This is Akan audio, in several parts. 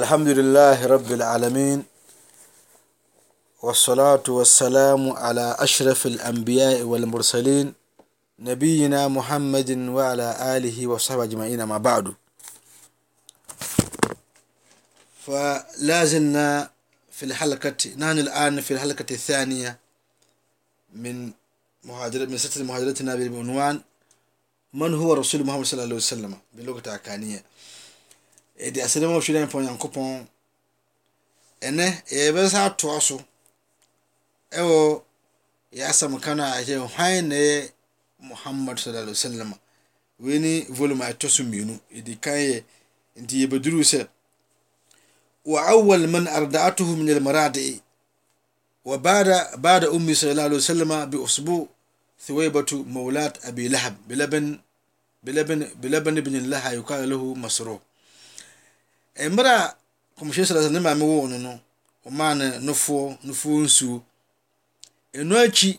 الحمد لله رب العالمين والصلاة والسلام على أشرف الأنبياء والمرسلين نبينا محمد وعلى آله وصحبه أجمعين ما بعد فلازلنا في الحلقة نحن الآن في الحلقة الثانية من مهاجرة من سلسلة مهاجرتنا بعنوان من هو رسول محمد صلى الله عليه وسلم باللغة العكانية ɛde asɛdɛ ma ɔhwɛ dɛ mpa onyankopɔn ɛnɛ sa atoa so ɛwɔ yɛ asɛm ka no a ɛyɛ hwan na ɛyɛ muhammad sallallahu alaihi wasallam wei ne volume a ɛtɔ so mmienu ɛdi kan yɛ nti yɛbɛduruu sɛ وأول من أردعته من المرادع وبعد بعد أمي صلى الله عليه وسلم بأسبوع ثويبة مولاة أبي لهب بلبن بلبن بلبن ibn lahab yuqalu lahu مسروق Eh, mmerɛ a kɔmhyɛ srɛ sɛ ne maame woo no no ɔmaa no nofoɔ nofoɔ nsuo ɛno akyi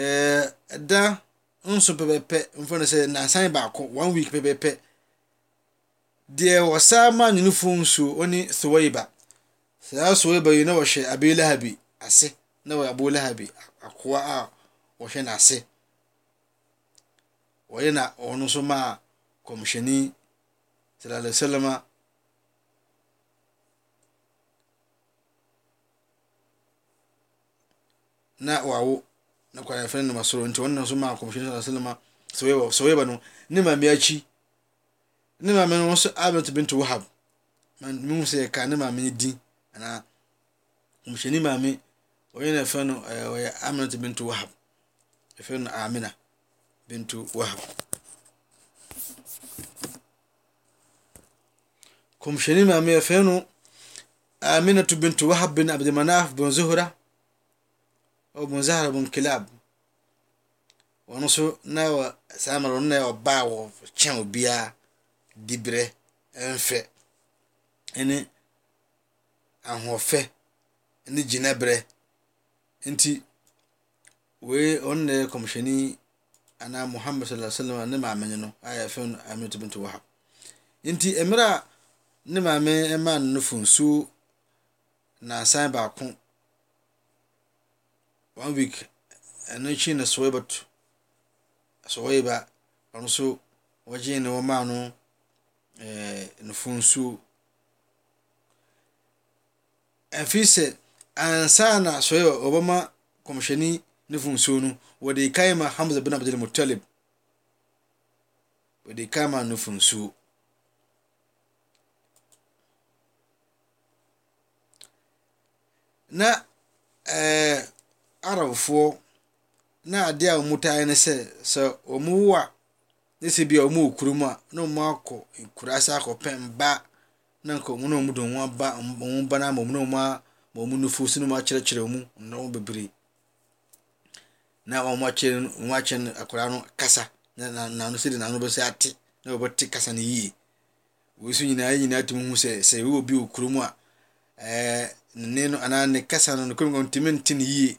eh, ɛda nso pɛpɛpɛ mfa no sɛ nansan baako one week pɛpɛpɛ deɛ maa ma nwenefo nsuo ɔne thowaiba saa thowaiba yi na wɔhyɛ bi ase na wɔyɛ bi akoa a wɔhwɛ n'ase wɔyɛ na ɔno nso maa kɔmhyɛni sallallahu alaihi na wawo na kwarafin da masoro nti wannan su ma kwamishin sallallahu alaihi wasallam soye ba no ni ma mi akyi ni ma mi wasu so bintu wahab man mu ya ka ni ma mi din ana ni ma mi wani na fa no eh, oye aminat bintu wahab fa no amina bintu wahab ni ma mi fa no aminatu bintu wahab bin abd manaf bin zuhura ogun zahra bun kilab wɔn nso na wɔ saa mmerɛ no na yɛ ɔbaa wɔ kyɛn obiara diberɛ mfɛ ne ahoɔfɛ ne gyinaberɛ nti wei wɔn na yɛ kɔmhyɛni anaa muhammed sallallahu alaihi wa sallam ne maame no a yɛfɛ no amina bintu wahab nti mmerɛ a ne maame maa no no nsuo nansan baako one week ɛnecina sɔib se iba ɛnso wayene woma no eh, nefonsuo fer sɛ ansa na sɔi ɔbɔma comshɛni ne fonsuo no wede kaima hamse bin abdaa mutaleb wde kama nefonsuo arabfoɔ na adeɛ a wɔn taa ne sɛ sɛ wɔn wu a ne sɛ bi a wɔn wɔ kurom a na wɔn akɔ nkuraase akɔpɛn mba na nka wɔn na wɔn de wɔn aba wɔn ba na ama wɔn na wɔn a wɔn nufu so na wɔn akyerɛkyerɛ wɔn nnɔɔ bebree na wɔn akyerɛ no wɔn akyerɛ no akwadaa no kasa na na n'ano sɛ de n'ano bɛ sɛ ate na wɔbɛte kasa no yie wɔn so nyinaa nyinaa tumi hu sɛ sɛ ewu obi wɔ kurom a ɛɛ ne no anaa ne kasa no ne kɔn mu ntumi nti ne yie.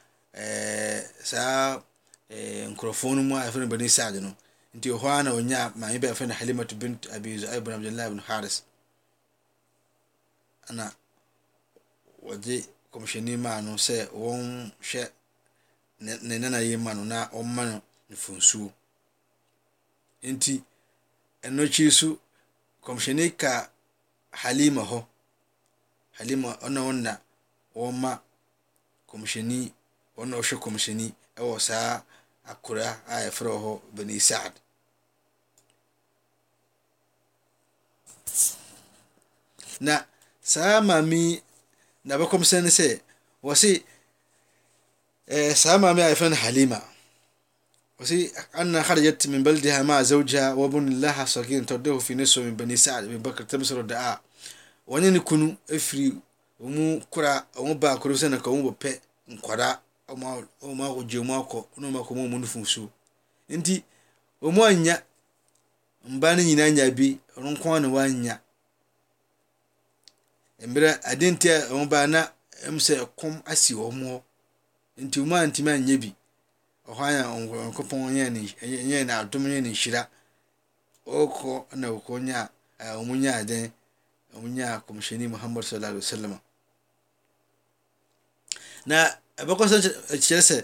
Eh, saa eh, nkurɔfoɔ no mu a yɛfrɛ no bani saad no nti ɛhɔ a na ɔnya maame bi a yɛfrɛ no halimatu bint abi zuaib bin abdullah bin haris ana wɔgye kɔmhyɛni maa no sɛ wɔnhwɛ ne nana yi ma no na ɔmma no mfonsuo nti ɛno akyi so kɔmhyɛni ka halima hɔ halima ɔna ɔna ɔma kɔmhyɛni e csn sa ka r ansadsaaiacsse sa mai ha za nse ek ape ka ɔmo akɔgye ɔmo akɔ na ɔmo akɔ ɔmo ɔmo no funsuo nti ɔmo anya mbaa no nyinaa nya bi ɔno nko ara na wanya mmerɛ ade nti a ɔmo baa na ɛm sɛ ɛkɔm asi ɔmo hɔ nti ɔmo antumi anya bi ɔhɔ anya ɔnkɔpɔn nyɛ ne nyɛ ne adom nyɛ ne nhyira ɔkɔ na ɔkɔ nya a ɔmo nya adan ɔmo nya a kɔmhyɛni sallallahu alaihi wa sallam na. abakɔsɛm kyerɛ sɛ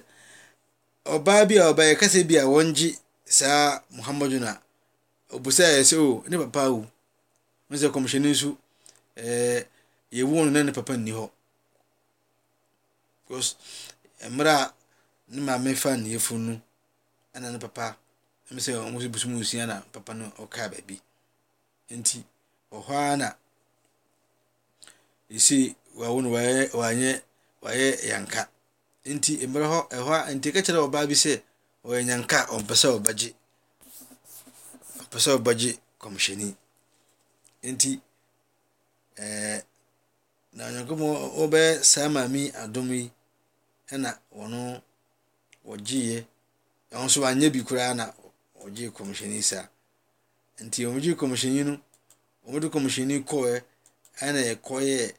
ɔbaa bi a ɔbaa kasa bi a wɔngye saa muhammadu na obusa yɛ sɛ o oh, ne papa awu n sɛ kɔmhyɛni nso ɛɛ eh, yɛwu no na ne papa nni hɔ mmerɛ a ne maame fa ne no ɛna ne papa ɛmɛ sɛ wɔn na papa no ɔkaa baabi nti ɔhɔ na esi wawo no wayɛ wayɛ yanka. nti mmerɛ hɔ ɛhɔ a nti ka ɔbaa bi sɛ ɔyɛ nyanka ɔmpɛ sɛ ɔbɛgye ɔmpɛ sɛ ɔbɛgye kɔmhyɛni nti ɛɛ na onyankopɔn ɔbɛyɛ saa maame yi adom yi ɛna wɔno wɔgyeeɛ ɛho nso wanyɛ bi koraa na ɔgye kɔmhyɛni saa nti wɔgyee kɔmhyɛni no wɔde kɔmhyɛni kɔɛ ɛna ɛkɔyɛ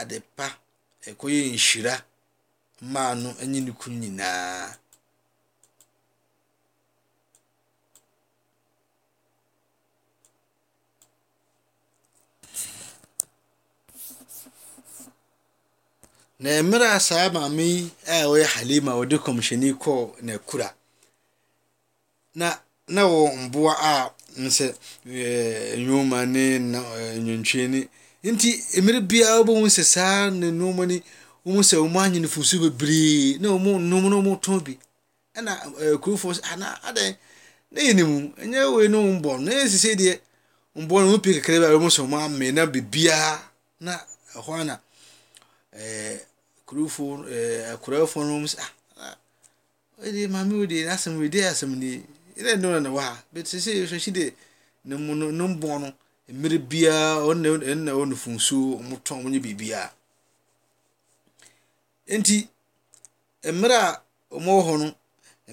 adepa ɛkɔyɛ nhyira mmaa no ne ne kun nyinaa na mmerɛ a saa maame yi a ɔyɛ halima ɔde kɔmhyɛni kɔɔ kura na na wɔ mboa a nsɛ nnwoma ne nwontwe ne nti mmerɛ biara wobɛhu sɛ saa ne nnoɔma ni wohu sɛ ɔmo anyene fosu bebree na ɔmo nom na ɔmo tɔn bi ɛna kurofoɔ sɛ ana adɛn ne yɛ ah, ah, ne mu ɛnyɛ wei no ɔmo bɔ no ɛyɛ sise deɛ ɔmo bɔ no ɔmo pii kakra a ɔmo sɛ ɔmo amee na bebiara na ɛhɔ ana ɛɛ kurofoɔ ɛɛ akurafoɔ no ɔmo sɛ ah ɛdi maame wo deɛ n'asɛm wo deɛ asɛm deɛ ɛdɛ ne na wɔ ha bɛt sise yɛ sɔsi deɛ ne mu no ne mbɔ no mmerɛ biara ɔno na ɔno na ɔno funsuo ɔmo tɔn ɔmo nye biribiara. nti mmerɛ a wɔn wɔ hɔ no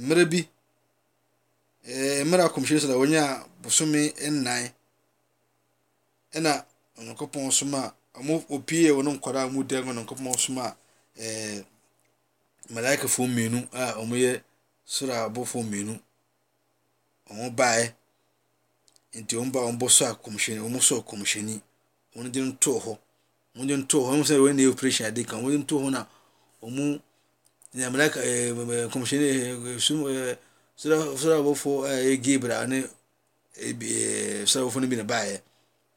mmerɛ bi ɛɛ eh, mmerɛ a kɔmhyɛn sɛ wɔnyɛ a bosome nnan ɛna onyankopɔn soma a wɔn opie wɔn nkwadaa a wɔn di onyankopɔn soma a eh, malaikafoɔ mmienu a wɔyɛ soro abɔfoɔ mmienu wɔn baeɛ nti wɔn ba wɔn bɔ so a kɔmhyɛn wɔn so kɔmhyɛn wɔn de no too hɔ wɔn de no too hɔ na yɛ operation adi kan wɔn de no ɔmo nyamena ɛɛ kɔmishɛni ɛɛ sum ɛɛ sira sira abɔfo ɛɛ gabriel ane ɛɛ sira abɔfo no bi na baayɛ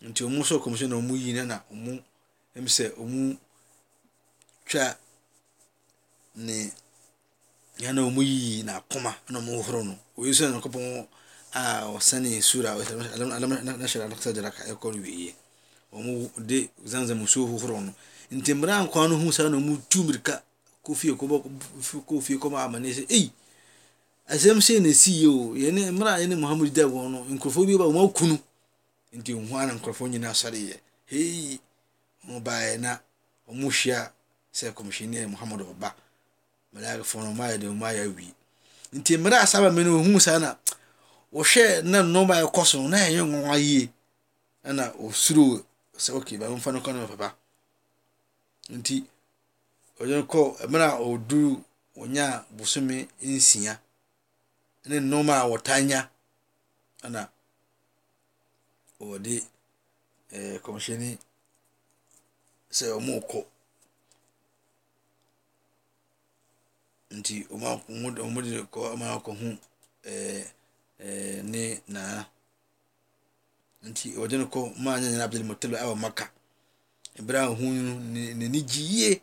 nti ɔmo nso kɔmishɛni ɔmo yi na na ɔmo ɛm sɛ ɔmo twa ne yana ɔmo yi na akoma na ɔmo horo no oyi nso na nkɔpɔn a ɔsɛne sura nahyɛ alaksa gyara ka ɛkɔ no wieɛ ɔmo de zanzam nsuo hohoro no nti mmara nkwa no ho na ɔmo tu mirika kofie kofie kɔma amaneɛ sɛ ei asɛm sei na ɛsii o yɛne mmerɛ a yɛne muhammad da wɔn no nkurɔfoɔ bi ba wɔn aku no nti ɔhu ana nkurɔfoɔ nyinaa sɔreyɛ hei ɔmo baeɛ na ɔmo hyia sɛ kɔmhyɛni a muhammad ɔba malaikafoɔ no ɔmo ayɛ deɛ ɔmo ayɛ awie nti mmerɛ a saba mene ɔhu saa na wɔhwɛ na nnɔma a ɛkɔ so na ɛyɛ nwanwa yie ɛna ɔsuro sɛ okay ba momfa no kɔ no papa nti ɔyɛ kɔ mmerɛ a ɔduru ɔnya bosome nsia ne nneɛma a wɔtanya ɛna wɔde ɛɛ eh, kɔmhyɛni sɛ wɔrekɔ nti wɔde kɔ ama akɔho ɛɛ eh, ɛɛ eh, ne naa nti wɔde no kɔ mmaa nyɛ nyina abdul mutalo a wɔn maka ebere a ɔho n'ani gye yie.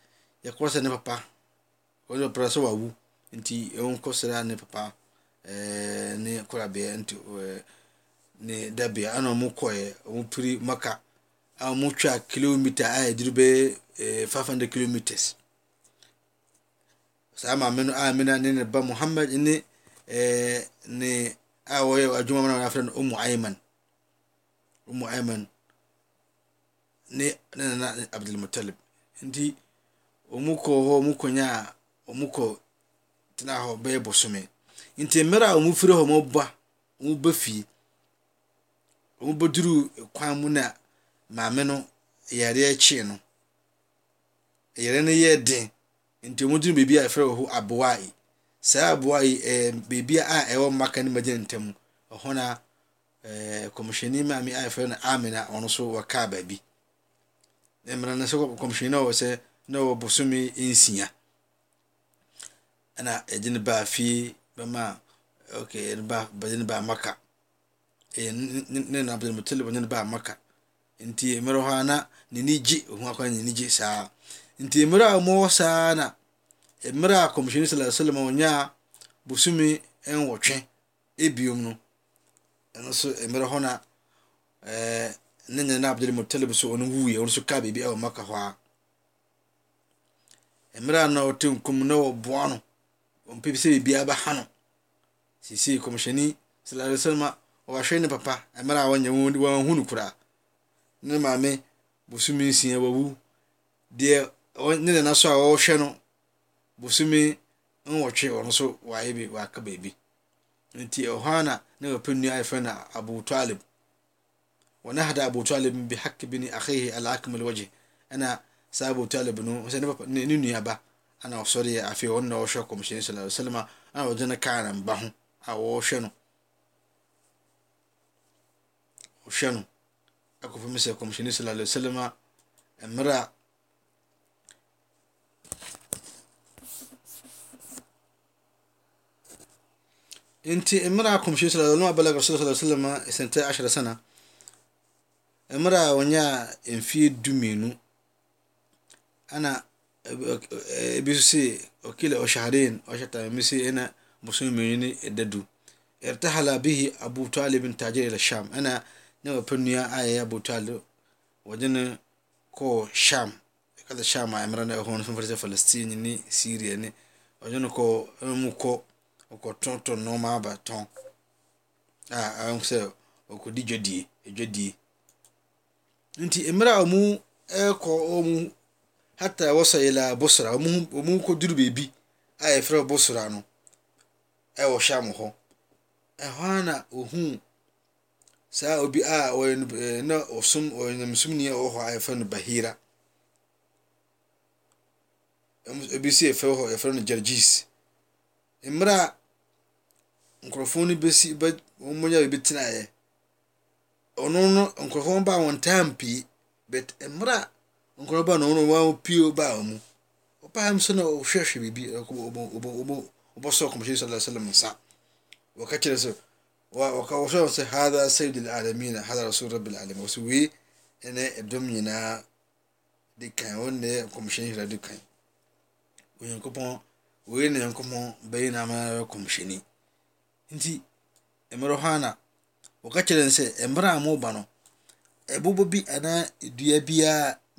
yɛkɔrɔ sɛ ne papa ɔne papa sɛ wawu nti ɔnkɔ srɛ ne papa ɛɛ ne korabea nti ɛɛ ne dabea ɛna ɔmo kɔɛ ɔmo piri maka a ɔmo twa kilomita a yɛduru bɛyɛ ɛɛ five hundred kilometers saa maame no a mena ne ne ba muhammad ne ɛɛ ne a wɔyɛ adwuma na wɔafrɛ no ɔmo ayman ɔmo ayman ne ne nana abdulmutalib nti. ɔmu kɔɔ hɔ ɔmu kɔnyaa ɔmu kɔ tena hɔ bɛyɛ bosome nti mmerɛ a ɔmu firi hɔ ɔmu ba ɔmu ba fie ɔmu kwan na maame no yareɛ kyee no yareɛ no yɛ den nti ɔmu duru beebi a yɛfrɛ wɔ hɔ aboa saa aboa ɛɛ eh, beebi a ɛwɔ na ɔwɔ bosome nsia ɛna yɛde no baa fie bɛma ok yɛde ba bɛde no baa maka ɛyɛ ne ne na bɛde mo tele bɛde no baa maka nti mmerɛ hɔ ana n'ani gye ohun akɔ n'ani gye saa nti mmerɛ a wɔwɔ saa na mmerɛ a kɔmhyɛni sɛlɛ sɛlɛm a wɔnyaa bosome nwɔtwe ebiom no ɛno nso mmerɛ hɔ na ɛɛ ne nana abdul mutalib so ɔno wuiɛ ɔno nso kaa baabi ɛwɔ maka hɔ a mertekooban pesbihan s con sa oa n papa m hn kra me bosme s ao naso osen bosme o ci os kabi ohna pene abotal nh abotal hab satlne nuba nser fn he cosni sllmzine kabah en kfmse comsini sal alwalammera coum see ashersana mera ye mfie duminu anbesse okel oshaha n som dad ertahalabe abtalasaanbtl zn k sas alastinn sria ddieti mera mk hata wɔsɔ ila bosra wɔn kɔ duru beebi a yɛfrɛ bosra no ɛwɔ sham hɔ ɛhɔ e na ohun saa obi a ɔyɛ e, na ɔsom ɔyɛ nyamsomni a ɔwɔ hɔ a yɛfrɛ no bahira ebi si yɛfrɛ hɔ yɛfrɛ no jargis e mmerɛ a nkurɔfoɔ no bɛsi bɛ wɔn mo nya bɛbi tena yɛ ɔno no nkurɔfoɔ ba wɔn tan pii but mmerɛ a nkorɔba na ɔno wɔn pie ɔbaa wɔn mu ɔbaa mu so na ɔhwɛhwɛ biribi ɔbɔ ɔbɔ ɔbɔ ɔbɔsɔ kɔmɔhyɛn sɔlɔ sɛlɛm nsa wɔka kyerɛ sɛ wa wɔka wɔhwɛ wɔn sɛ hada sɛbi de alamin na hada rasul rabi alamin wɔsɛ wei ɛnɛ ɛdɔm nyinaa de kan wɔn nɛ kɔmɔhyɛn yɛrɛ de kan onyankopɔn wei na nyankopɔn bɛyɛ na ama yɛ kɔmɔhyɛni ana wɔka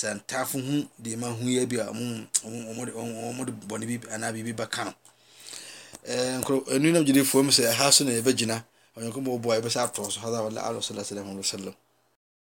santafo hu dema hua bi md bn nb bɛkanunayerefm sɛ ha so ne bɛgina ynk bba bɛsɛ atɔs a ala lswsalm